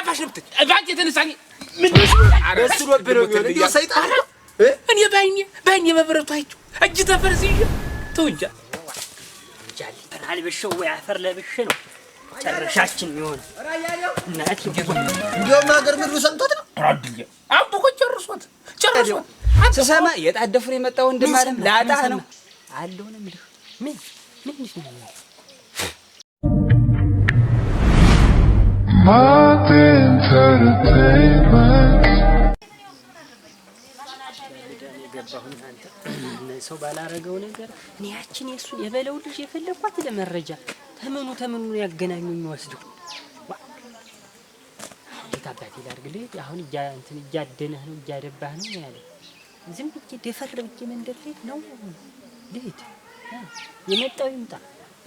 አፋሽንብት ባንቺ የተነሳ ምን እሱ ነበር እንዲሁ ሰይጣን እኔ ባይኔ ባይኔ በብረቱ አይቼው እጅ ተፈርስ ይዤ ተው እንጃ አልብሼው ወይ አፈር ለብሼ ነው ጨረሻችን የሆነ እናት እንዲሁም ሀገር ምድሩ ሰምቶት ነው ራድዬ አቦኮ ጨርሶት ጨርሶት ስሰማ የጣደፍር የመጣ ወንድም አለም ላጣ ነው አለሆነ ምልህ ምን ሰው ባላረገው ነገር እኔ ያችን የእሱን የበለው ልጅ የፈለኳት ለመረጃ ተምኑ ተምኑ ያገናኙ የሚወስደው እንዴት አባቴ ላድርግልህ? አሁን እንትን እያደነህ ነው እያደባህ ነው ያለ ዝም ብዬ ደፈር ብዬ መንገድ ላይ ነው ልሂድ፣ የመጣው ይምጣ።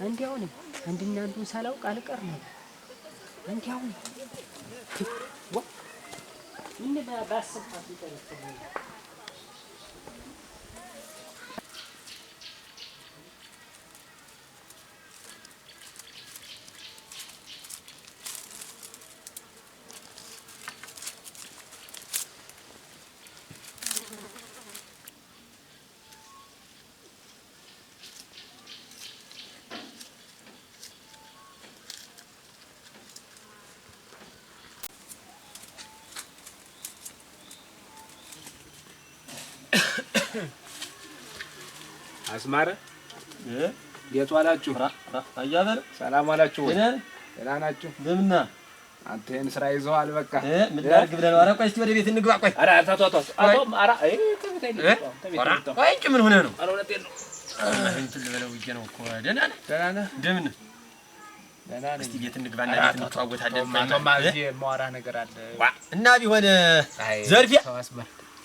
አንድ አንድና አንዱን ሳላውቅ አልቀር ነው እንዲያውም አስማረ እንዴት ዋላችሁ? አያበር ሰላም ዋላችሁ? ደህና ናችሁ? በምና አንተ ይሄን ስራ ይዘዋል። በቃ ምን ላድርግ ብለህ ነው? ኧረ ቆይ እስኪ ወደ ቤት እንግባ። ቆይ ኧረ ተው ተው፣ አቶም ኧረ አይ ተብታይ ነው ቆይ እንጂ ምን ሆነህ ነው? ኧረ እውነቴን ነው። እንትን ልበለው ብዬሽ ነው እኮ። ደህና ነህ? ደህና ነህ? እንደምን ነህ? ደህና ነህ? እስኪ ቤት እንግባና ቤት እንተዋወታለን። አቶም እዚህ የማወራህ ነገር አለ እና ቢሆን ዘርፊያ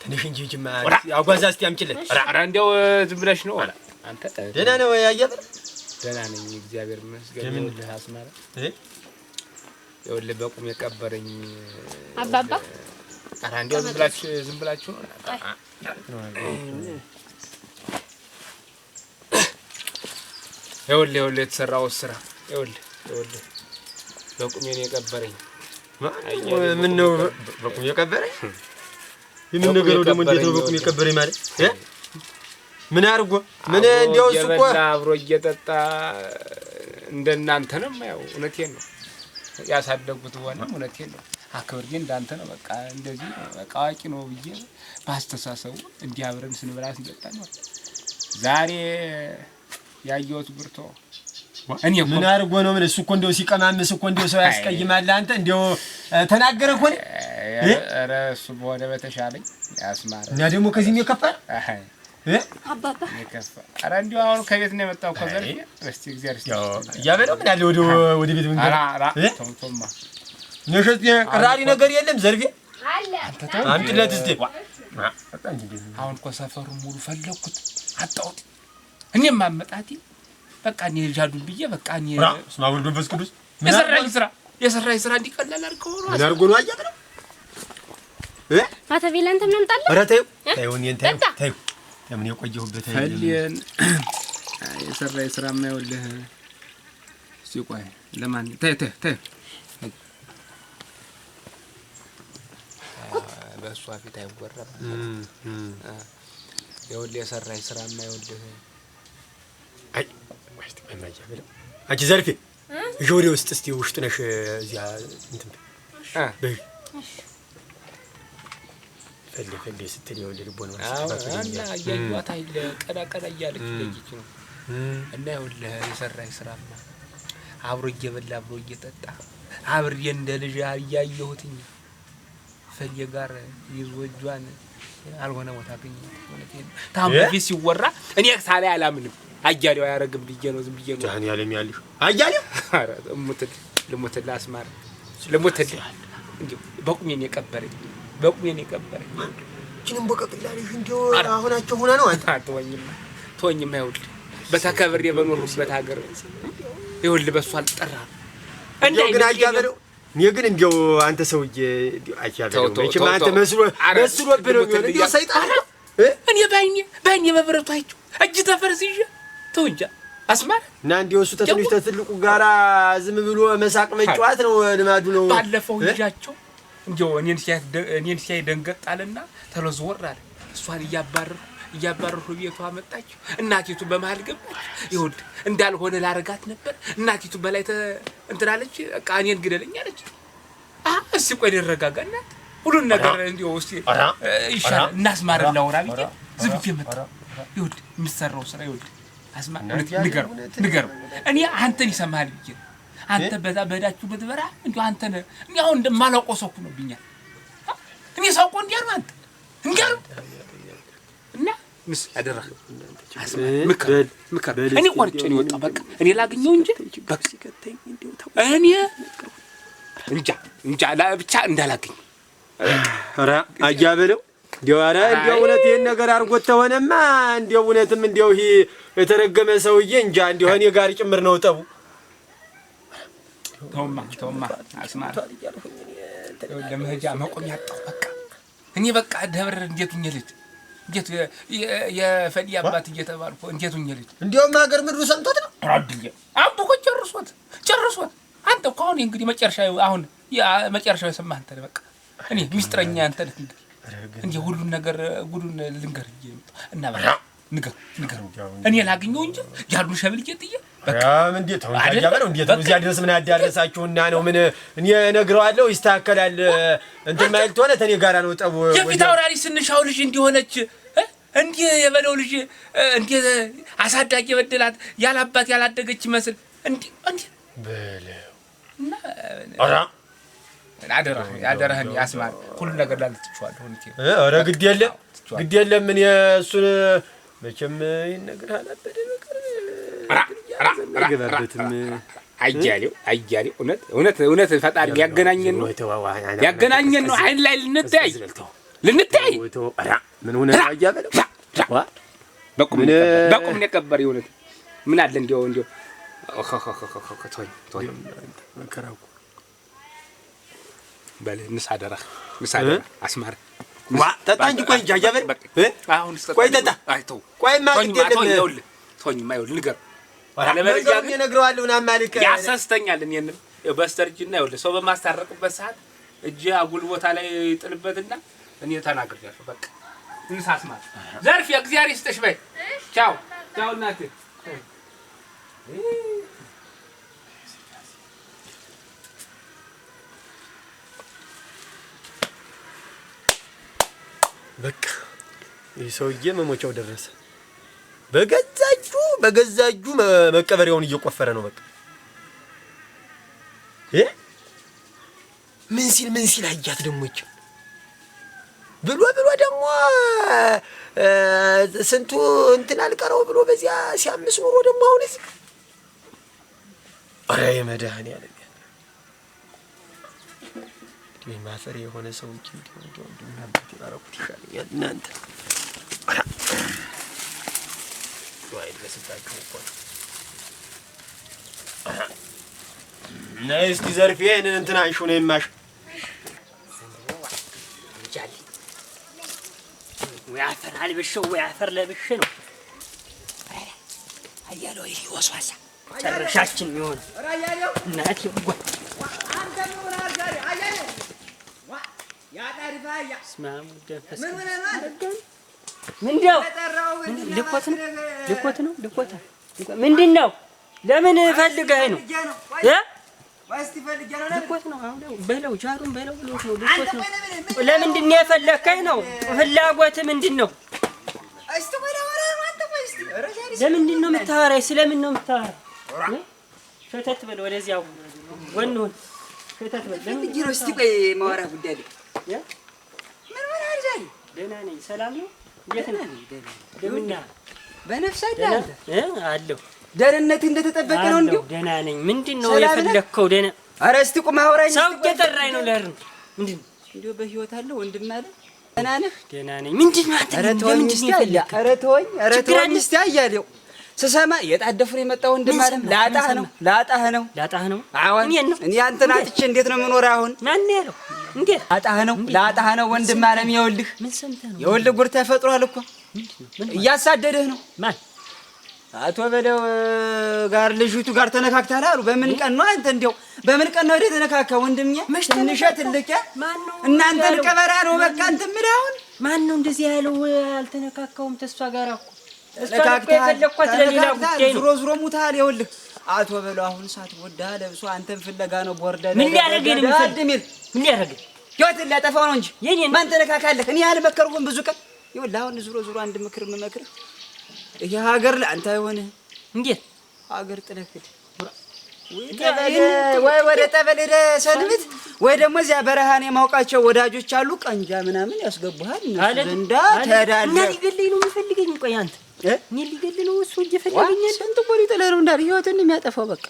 ትንሽ እንጂ ጅማ አጓዛ እስቲ አምጪለት። ኧረ እንዲያው ዝም ብለሽ ነው። አንተ ደህና ነው? ያያጥ ደህና ነኝ፣ እግዚአብሔር ይመስገን። ምን አስማራ እህ ይኸውልህ በቁም የቀበረኝ አባባ። ኧረ እንዲያው ዝም ብላችሁ ዝም ብላችሁ ነው። ይኸውልህ ይኸውልህ የተሰራው ስራ ይኸውልህ ይኸውልህ በቁሜ ነው የቀበረኝ። ምን ነው በቁሜ የቀበረኝ የምን ነገር ደግሞ እንዴት ነው በቁም የቀበረኝ ማለት ምን አድርጎ ምን እንዲያው እሱ እኮ አብሮ እየጠጣ እንደናንተ ነው ያው እውነቴን ነው ያሳደጉት ሆነ እውነቴን ነው አክብር ግን እንዳንተ ነው በቃ እንደዚህ በቃ አዋቂ ነው ብዬ በአስተሳሰቡ እንዲህ አብረን ስንበላ ስንጠጣ ነው ዛሬ ያየሁት ብርቶ እኔ ምን አድርጎ ነው ምን እሱ እኮ እንደው ሲቀማምስ እኮ እንደው ሰው ያስቀይማል አንተ እንደው ተናገረ እኮ ኧረ እሱ በሆነ በተሻለኝ ያስማረ እና ደግሞ ከዚህም የከፋል አባባ እንዲሁ አሁን ከቤት ነው የመጣው እኮ ዘር እስቲ እግዚአብሔር ምን ያለ ወደ ቤት ምንገቶማ ቅራሪ ነገር የለም ዘርፌ አምጥለት እስቲ አሁን እኮ ሰፈሩ ሙሉ ፈለግኩት አጣሁት። እኔም አመጣቴ በቃ እኔ ልጅ ብዬ በቃ እኔ ስማውል መንፈስ ቅዱስ የሰራኝ ስራ የሰራኝ ስራ እንዲቀላል አድርገው ነው አድርጎ ነው አያት ነው ማተቤ ለአንተም ነው የምጣልህ። ኧረ ተይው ተይው፣ እኔን ለምን የቆየሁበት አይደለም። የሰራ የስራ የማይወልህ እስኪ ቆይ፣ ለማንኛውም ተይው ተይው በእሷ ፊት አይወራም። ይኸውልህ የሰራ የስራ የማይወልህ አይ ማለት ማማያ ብለው አንቺ ዘርፌ ጆሪ ውስጥ እስቲ ውሽጥ ነሽ እዚያ እንትን በይ ፈሌ ፈሌ ስትል የወለ ልቦና እና እያዩዋት አይለ እያለች ነው። እና ስራማ አብሮ እየበላ አብሮ እየጠጣ አብሬ እንደ ልጅ እያየሁትኝ ጋር ይዞ እጇን አልሆነ ቦታ አገኘ ሲወራ እኔ አላምንም። አያሌው አያረግም ብዬ ነው ዝም ብዬ ነው። ያለም ያለሽ አያሌው አስማር በቁሜን የቀበረኝ በቁሜን የቀበረኝ ችንም በቀቅላሪሽ እንዲሁ አሁናቸው ሆነ ነው። አንተ ተወኝማ ተወኝማ። ይኸውልህ በተከብሬ በኖርኩበት ሀገር ይውል በሱ አልጠራ ግን አያበለው እኔ ግን እንዲያው አንተ ሰውዬ አያበለው አንተ መስሎብህ ነው የሚሆን እንዲያው ሰይጣን እኔ በዓይኔ በዓይኔ በብረቱ አይቼው እጅ ተፈርስ ይዤ ተው እንጃ አስማር እና እንዲያው እሱ ተትንሽ ተትልቁ ጋራ ዝም ብሎ መሳቅ መጫወት ነው ልማዱ ነው። ባለፈው ልጃቸው እንዲያው እኔን ሲያይ ደንገጣልና ተሎ ዘወር አለ። እሷን እያባረርኩ እያባረርኩ ቤቷ መጣች። እናቲቱ በመሀል ገባች። ይኸውልህ እንዳልሆነ ላረጋት ነበር። እናቲቱ በላይ እንትን አለች። በቃ እኔን ግደለኝ አለች። እስኪ ቆይ ደረጋጋ እናት ሁሉን ነገር እንዲያው እስኪ ይሻላል እናስማርን ላውራ ብዬ ዝብዬ መጣ። ይሁድ የሚሰራው ስራ ይሁድ አስማ ንገረው፣ ንገረው እኔ አንተን ይሰማሃል ብዬ አንተ በዛ በዳችሁ ብትበራ እንዲ አንተ እኔ አሁን ሰኩ ነው ሆኖብኛል። እኔ ሳውቆ እንዲያሉ አንተ እንዲያሉ እና ምስ ያደራ እኔ ቆርጬ ነው የወጣው። በቃ እኔ ላግኘው እንጂ እኔ እንጃ እንጃ ብቻ እንዳላገኝ ኧረ አያበለው በለው እንዲያው ኧረ እንዲያው እውነት ይህን ነገር አድርጎት ተሆነማ እንዲያው እውነትም እንዲያው ይሄ የተረገመ ሰውዬ እንጃ እንዲያው እኔ ጋር ጭምር ነው ጠቡ ተውማ ተውማ አስማራ ለመሄጃ መቆሚያ አጣሁ። በቃ እኔ በቃ ደብር እንዴት ሁኜ ልሂድ? እንዴት የፈዲ አባት እየተባልኩ እንዴት ሁኜ ልሂድ? እንዲያውም ሀገር ምድሩ ሰምቶት ነው አድዬ አቡ እኮ ጨርሶት ጨርሶት። አንተ እኮ አሁን እንግዲህ መጨረሻ አሁን መጨረሻው የሰማህ አንተ በቃ እኔ ሚስጥረኛ አንተ ነህ። እንዴ ሁሉን ነገር ጉዱን ልንገር እና በቃ ንገር ንገር እኔ ላግኘው እንጂ ያሉ ሸብል ጥዬ እንዴት ነው እዚያ ድረስ ምን ያዳረሳችሁና ነው? ምን እኔ እነግረዋለሁ፣ ይስተካከላል። እንትን ማለት ከሆነ ተኔ ጋራ ነው ጠቡ። የፊት አውራሪ ስንሻው ልጅ እንዲሆነች እንዲህ የበለው ልጅ እንዲህ አሳዳጊ የበደላት ያላባት ያላደገች ይመስል እንዲህ እንዲህ በለው እና አደረህን ያስማል ሁሉ ነገር ላይ ኧረ ግድ የለም ግድ የለም። እኔ እሱን መቼም ይነግርህ አላበደ በቀር አይገባበትም። አያሌው አያሌው እውነት እውነት እውነት ፈጣሪ ነው ነው። አይን ላይ ልንታይ ልንታይ ምን ሆነ አያበለው በቁም ምን አለ በል አስማረ ጠጣ እንጂ ቆይ ቆይ ጠጣ ግድ የለም ንገር ለመረጃ ነግረዋል በስተርጅና ይኸውልህ ሰው በማስታረቅበት ሰዓት እጅ አጉል ቦታ ላይ ጥልበትና እኔ ተናግሬያለሁ። በቃ እንሳስማት ዘርፍ የእግዚአብሔር ይስጥሽ በይ። ቻው ቻው እናቴ በቃ ይህ ሰውዬ መሞቻው ደረሰ። በገዛ እጁ በገዛ እጁ መቀበሪያውን እየቆፈረ ነው። በቃ ምን ሲል ምን ሲል አያት ደሞች ብሎ ብሎ ደግሞ ስንቱ እንትን አልቀረው ብሎ በዚያ ሲያምስ ኑሮ ደግሞ አሁን እዚህ ኧረ የመድኃኒዓለም ማፈሪያ የሆነ ሰው ኪ ምን አባት ይባረኩት ይሻለኛል እናንተ شوية ነይ እስቲ ዘርፍ ይሄንን እንትን አንሹ ነው የማሽ ወይ አፈር አልብሼው ወይ አፈር ለብሼ ነው አያለው። ይሄ ወስዋሳ ጨረሻችን ይሆን እናቴ ጓ ስማሙ ደፈስ ምንድነው? ልኮት ነው ልኮት ነው ልኮት ምንድነው? ለምን ፈልገህ ነው? ልኮት ነው በለው፣ ጃሩን በለው ብሎት ነው። ልኮት ነው። ለምንድን ነው የፈለከኝ ነው? ፍላጎት ምንድን ነው? ለምንድን ነው የምታወራኝ? ስለምን ነው የምታወራኝ? ሸተት በል ወደዚያው ወንሁን ሸተት በል። ለምንድን ነው እስቲ ቆይ፣ ማውራት ጉዳይ ደህና ነኝ። ሰላም ነው እንዴት ነህ? ደህና አለሁ። ደህንነትህ እንደተጠበቀ ነው? እንዲሁ ደህና ነኝ። ምንድን ነው የፈለግከው? ደህና ኧረ ቁም አውራኝ። ሰው እየጠራኝ ነው። ለርን ምንድን ነው እንዲሁ በህይወት አለ ወንድም አለ። ደህና ነህ? ደህና ነኝ። ምንድን ነው አንተ? ኧረ ተወኝ፣ ኧረ ተወኝ አያሌው ስሰማ የጣደፉን የመጣው ላጣህ ነው ላጣህ ነው ላጣህ ነው። እኔ አንተን አጥቼ እንዴት ነው የምኖር? አሁን ማን ያለው እንዴት አጣህ ነው ለአጣህ ነው ወንድም አለም የወልህ ምን ሰምተህ ነው የወልህ ጉር ተፈጥሯል እኮ እያሳደደህ ነው ማን አቶ በለው ጋር ልጅቱ ጋር ተነካክተሃል አሉ በምን ቀን ነው አንተ እንዲያው በምን ቀን ነው የተነካካ ወንድሜ ትንሽ ትልቅ እናንተን ቀበራ ነው በቃ እንትን ምን አሁን ማን ነው እንደዚህ ያለው አልተነካካውም ተሷ ጋር እኮ ዞሮ ዞሮ ሙታል ይኸውልህ አቶ በለው አሁን ሳትወዳ ለብሶ አንተን ፍለጋ ነው ቦርደ ምን ያደርገኝ ነው ምን ያደርግ ህይወትን ሊያጠፋው ነው እንጂ የኔን ማን ተነካካለህ? እኔ አልመከርኩም ብዙ ቀን ይኸውልህ። አሁን ዙሮ ዙሮ አንድ ምክር የምመክርህ ይሄ ሀገር ለአንተ አይሆንህ። እንዴት ሀገር ጥለህ ሂድ ወይ ወደ ጠበል ሄደህ ሰንብት፣ ወይ ደግሞ እዚያ በረሃን የማውቃቸው ወዳጆች አሉ፣ ቀንጃ ምናምን ያስገቡሃል። እንዳ ትሄዳለህ። እና ሊገለኝ ነው የሚፈልገኝ። ቆይ አንተ እኔ ሊገለኝ ነው እሱ እየፈለገኛል። ስንት ቆሪ ጥለህ ነው እንዳለ ህይወትን የሚያጠፋው በቃ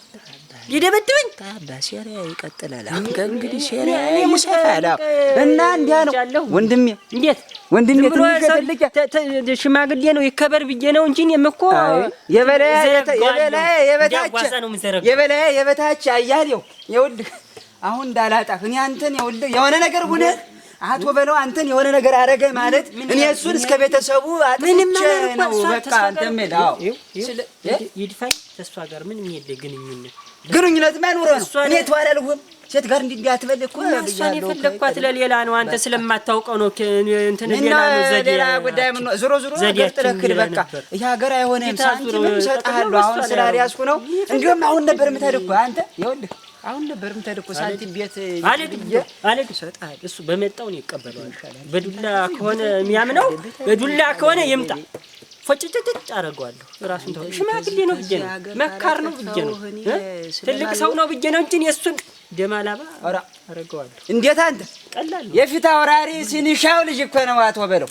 ሊደበድበኝ ታዳ ሸሪያ ይቀጥላል። ከእንግዲህ ሴሪያ ይሰፋል እና እንዲያ ነው ወንድሜ። እንዴት ወንድሜ ሽማግሌ ነው ይከበር ብዬ ነው እንጂ እኔም እኮ የበላዬ የበታች የበታች አያሌው ይኸውልህ፣ አሁን እንዳላጣፍ እኔ አንተን ይኸውልህ የሆነ ነገር ሁነ አቶ በለው አንተን የሆነ ነገር አረገ ማለት እኔ እሱን እስከ ቤተሰቡ አጥንቼ ነው በቃ። አንተም ይድፋኝ ተስፋ ጋር ምንም የለ ግንኙነት ግንኙነት ማኖር ነው። እኔ ተዋላልሁም ሴት ጋር እንዲህ አትበል እኮ እሷን የፈለግኳት ለሌላ ነው። አንተ ስለማታውቀው ነው። እንትን ሌላ ነው ዘዴ ሌላ ጉዳይ ምን ነው? ዞሮ ዞሮ ነገር ጥለክል በቃ ይሄ ሀገር አይሆንም። ሳንቲም እሰጥሃለሁ አሁን ስላልያዝኩ ነው። እንዲሁም አሁን ነበር የምትሄድ እኮ አንተ ይኸውልህ አሁን ነበር የምትሄድ እኮ ሳንቲም ቤት አለድ ይሰጣል። እሱ በመጣው ነው ይቀበለዋል። በዱላ ከሆነ የሚያምነው በዱላ ከሆነ ይምጣ ፎጭጭጭ አደርገዋለሁ። ራሱን ተው ሽማግሌ ነው ብዬ ነው መካር ነው ብዬ ነው ትልቅ ሰው ነው ብዬ ነው እንጂ የእሱን ደማላባ ኧረ አደርገዋለሁ። እንዴት አንተ ቀላል የፊት አውራሪ ሲኒሻው ልጅ እኮ ነው አቶ በለው።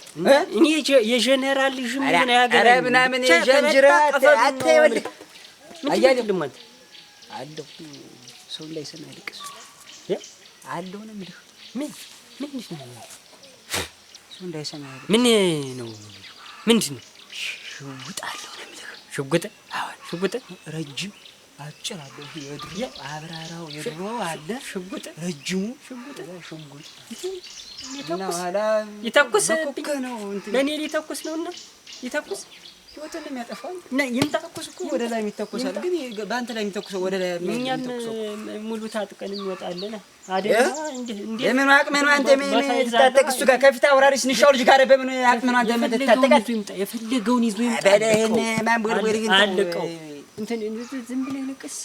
እኔ የጀኔራል ልጅ ምን ነው ያገረ ምናምን የጀንጅራ አተ ወል አያልም አንተ አለሁ ሰው ላይ ሰማ ልቅሱ አለሁ ነው የምልህ ምን ምን ነው ምን ነው ምንድን ነው ሽጉጥ አለው ነው የሚልህ። ሽጉጥ? አሁን ሽጉጥ ረጅም አጭር አለው። የድሮ አብራራው የድሮ አለ ሽጉጥ፣ ረጅሙ ሽጉጥ ሽጉጥ ይተኩስ ይተኩስ ነው። ለእኔ ሊተኩስ ነው እና ይተኩስ ህይወትን የሚያጠፋል የሚተኮስ እኮ ወደ ላይ የሚተኮሳል፣ ግን በአንተ ላይ የሚተኮሰው ወደ ላይ እኛም ሙሉ ታጥቀን እንወጣለን። በምን አቅም ነው አንተ የምትታጠቅ? እሱ ጋር ከፊት አውራሪ ስንሻው ልጅ ጋር በምን አቅም ነው አንተ የምትታጠቃት? የፈለገውን ይዞ ይምጣ። ይህን ማንቦርቦር አለቀው። ዝም ብለህ ልቅስ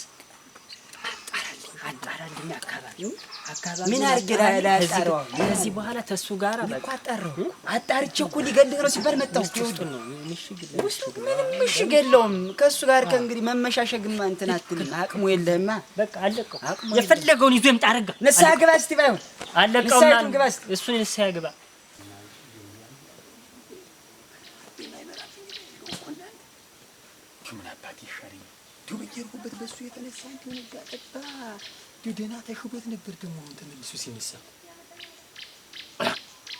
አጣራ እንደኛ አካባቢው አካባቢ ምን አድርጌ ላጣራው? ከዚህ በኋላ ተሱ ጋር በቃ አጣራው። አጣርቼ እኮ ሊገልህ ነው ሲባል መጣሁ። ውስጡ ውስጡ ምንም ምሽግ የለውም። ከእሱ ጋር ከእንግዲህ መመሻሸግማ እንትን አትልም። አቅሙ የለህማ። በቃ አለቀው። የፈለገውን ይዞ ይምጣ። አረጋ ንስሓ ግባ እስቲ። ባይሆን አለቀውና እሱን ንስሓ ግባ እንዲሁ በየሄድኩበት በእሱ የተነሳ እንዲሁ ነጋ ጠባ እንዲሁ ደህና ነበር። ደግሞ አሁን ተመልሶ ሲነሳ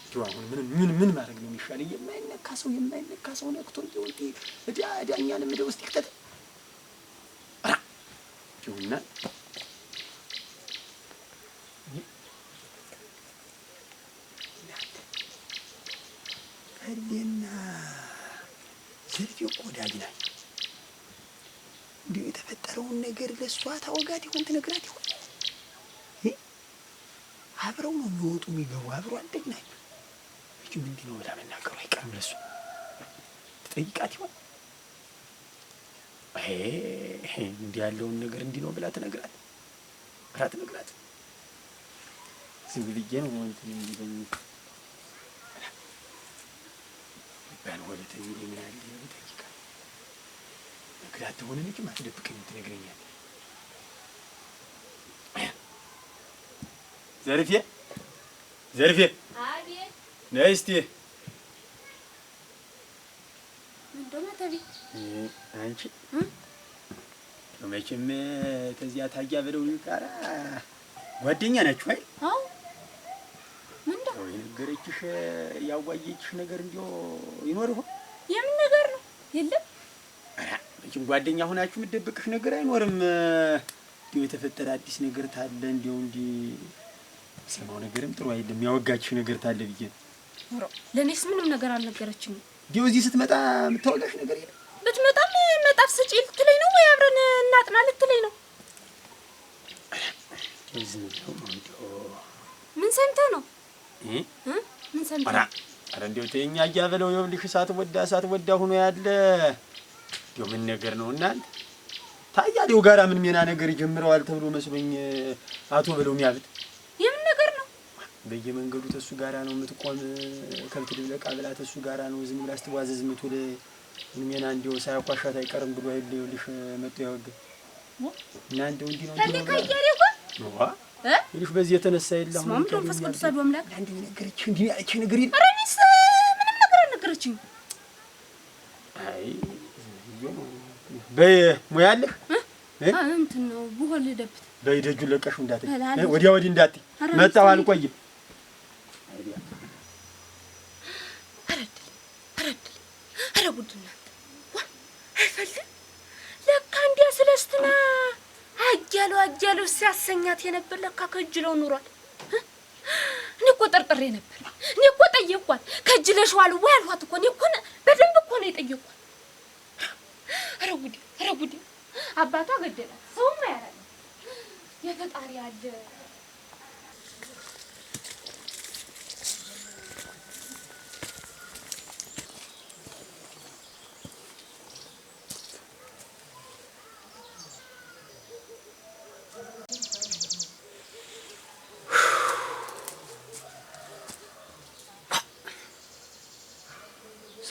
እንዲሁ አሁን ምን ምን ምን ማድረግ ነው የሚሻል? የማይነካ ሰው የማይነካ ሰው ነክቶ እንዲሁ እንዲ እዲያ እዳኛንም እደ ውስጥ ይክተት እንዲሁና ጨዋታ ወጋት ይሆን ትነግራት ይሆን? አብረው ነው የሚወጡ የሚገቡ፣ አብረው አደግ ናቸው። እጅ ምንድ ነው በጣም መናገሩ አይቀርም። ለሱ ትጠይቃት ይሆን? እንዲህ ያለውን ነገር እንዲህ ነው ብላ ትነግራት ብላ ትነግራት። ዝም ብዬ ነው እንትን የሚለኝ ይባል ወደ ተሚል ምን አለ ብጠይቃት ነግራት ትሆን ልጅ ማትደብቀኝ ትነግረኛለህ ዘርፌ ዘርፌ ነይ እስቲ አንቺ መቼም ተዚያ ታያ በለው ቃራ ጓደኛ ናችሁ አይደል? ምንድን ነው የነገረችሽ? ያጓየችሽ ነገር እንዲያው ይኖር ይሆን? የምን ነገር ነው? የለም። መቼም ጓደኛ ሆናችሁ የምትደብቅሽ ነገር አይኖርም። የተፈጠረ አዲስ ነገር ታለ ሰማው ነገርም ጥሩ አይደለም። ያወጋችሁ ነገር ታለ ብዬ ነው። ለእኔስ ምንም ነገር አልነገረችም። ዲው እዚህ ስትመጣ የምታወጋሽ ነገር የለም። ብትመጣም መጣፍ ስጪ ልትለኝ ነው ወይ አብረን እናጥና ልትለኝ ነው። ምን ሰምተ ነው? ምን ሰምተህ ነው? ኧረ እንዲያው ተይኝ እያበለው ወዳ ሳትወዳ ወዳ ሆኖ ያለ እንዲያው ምን ነገር ነው እናንተ ዲው ጋራ ምን ሜና ነገር ጀምረዋል ተብሎ መስሎኝ አቶ በለው ሚያብት በየመንገዱ ተሱ ጋራ ነው የምትቆም ከብት ድብለቃ ብላ ተሱ ጋራ ነው ዝም ብላ ስትዋዘዝ የምትውል ሜና እንዲው ሳያኳሻት አይቀርም ብሎ አይል ይኸውልሽ መጥቶ ያወግ እና እንደው እንዲህ ነው ይኸውልሽ በዚህ የተነሳ የለም ስማም አምላክ አንድ እንዲህ ያለች ነገር ይል አረኒስ ምንም ነገር አይ በይ እንትን ነው ደብት በይ ደጁ ለቀሽው እንዳትይ ወዲያ ወዲህ እንዳትይ መጣሁ አልቆይም መግቢያ። ኧረ ጉድ አይፈልም ለካ እንዲያ ስለስትና አያሌው ሲያሰኛት የነበር ለካ ከእጅለው ኑሯል። እኔ እኮ ጠርጥሬ ነበር። እኔ እኮ ጠየኳት። ከእጅለሽዋል ወይ አልኋት እኮ እኔ እኮ በደንብ እኮ ነው የጠየኳት። ጉዴ! ጉዴ! አባቷ ገደላት። ያላለ የፈጣሪ አለ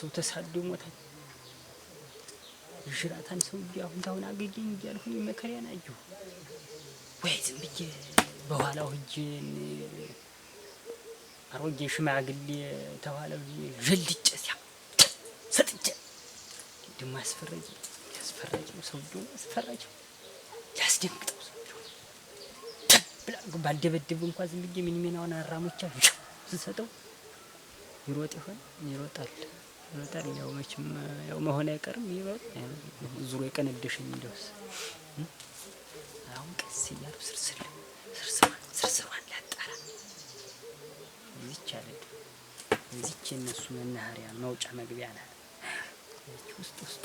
ሰው ተሳዶ ሞታል። ሽራታን ሰውዬ አሁን ታሁን አገኘኝ እያልኩኝ መከሪያ ናችሁ ወይ? ዝም ብዬ በኋላው ሂጅ አሮጌ ሽማግሌ ተኋላው ዠልጭ ሲያ ሰጥቼ ደግሞ ያስፈረጅ ያስፈራጅ ነው ሰውዬው ያስፈራጅ ያስደንግጠው ብላ ባልደበደብ እንኳ ዝም ብዬ ምን ሚኒሜናውን አራሞቻ ስሰጠው ይሮጥ ይሆን ይሮጣል። ይመጣል። ያው መቼም ያው መሆን አይቀርም። ይመጣል ዙሮ የቀነደሸኝ እንደውስ አሁን ቀስ እያሉ ስርስር ስርስር ስርስሯን ላጣራ እዚች አለ እዚች የእነሱ መናኸሪያ መውጫ መግቢያ ናት። ውስጥ ውስጥ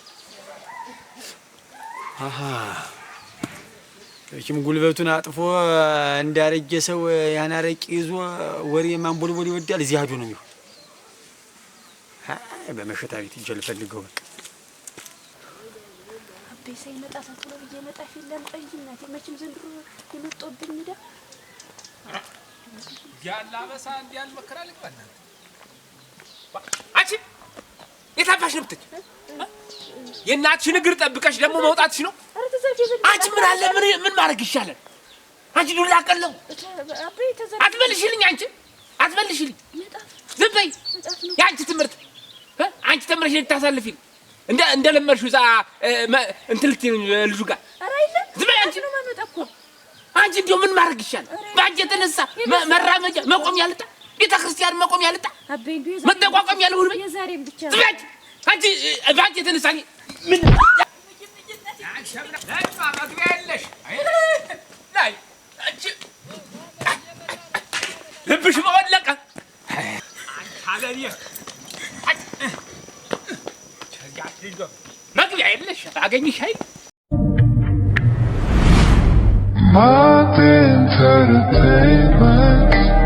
ኪም ጉልበቱን አጥፎ እንዳረጀ ሰው ያን አረቄ ይዞ ወሬ ማንቦልቦል ይወዳል። እዚህ አዶ ነው የሚሆን። በመሸታ ቤት እጄ ልፈልገው በቃ አቤ ሳይመጣ ሳትለው እየመጣ ፊልም ቆይ እናቴ መቼም ዘንድሮ የመጣሁብኝ ሄዳ ያለ አበሳ እንዲያል መከራ ልግባ አንቺ የታባሽ ነው የምትች የእናትሽን እግር ጠብቀሽ ደግሞ መውጣትሽ ነው። አንቺ ምን አለ ምን ምን ማድረግ ይሻላል? አንቺ ዱላ ቀለው አትበልሽልኝ፣ አንቺ አትበልሽልኝ። ዝም በይ። የአንቺ ትምህርት አንቺ ተምረሽ ልታሳልፊል እንደ እንደ ለመርሹ እዛ እንትን ልትይ ልጁ ጋር ዝም በይ አንቺ። አንቺ እንዲያው ምን ማድረግ ይሻላል? በአንቺ የተነሳ መራመጃ መቆም ያልጣ ቤተ ክርስቲያን መቆም ያልጣ መጠቋቋም ያለሁን ዝም በይ አንቺ أنت بعد يا تنس علي من ما تقبلش ما تقبلش ما تقبلش ما تقبلش ما تقبلش ما تقبلش ما تقبلش ما تقبلش